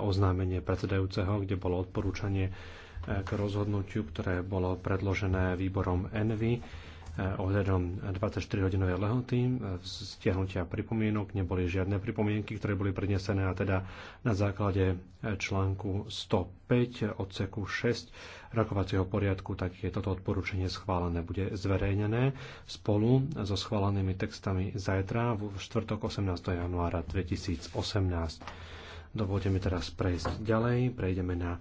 oznámenie predsedajúceho, kde bolo odporúčanie e, k rozhodnutiu, ktoré bolo predložené výborom ENVY e, ohľadom 24-hodinovej lehoty, e, stiahnutia pripomienok, neboli žiadne pripomienky, ktoré boli prednesené a teda na základe článku 105 odseku 6 rokovacieho poriadku, tak je toto odporúčanie schválené. Bude zverejnené spolu so schválenými textami zajtra v čtvrtok 18. januára 2018. Dovolte mi teraz prejsť ďalej. Prejdeme na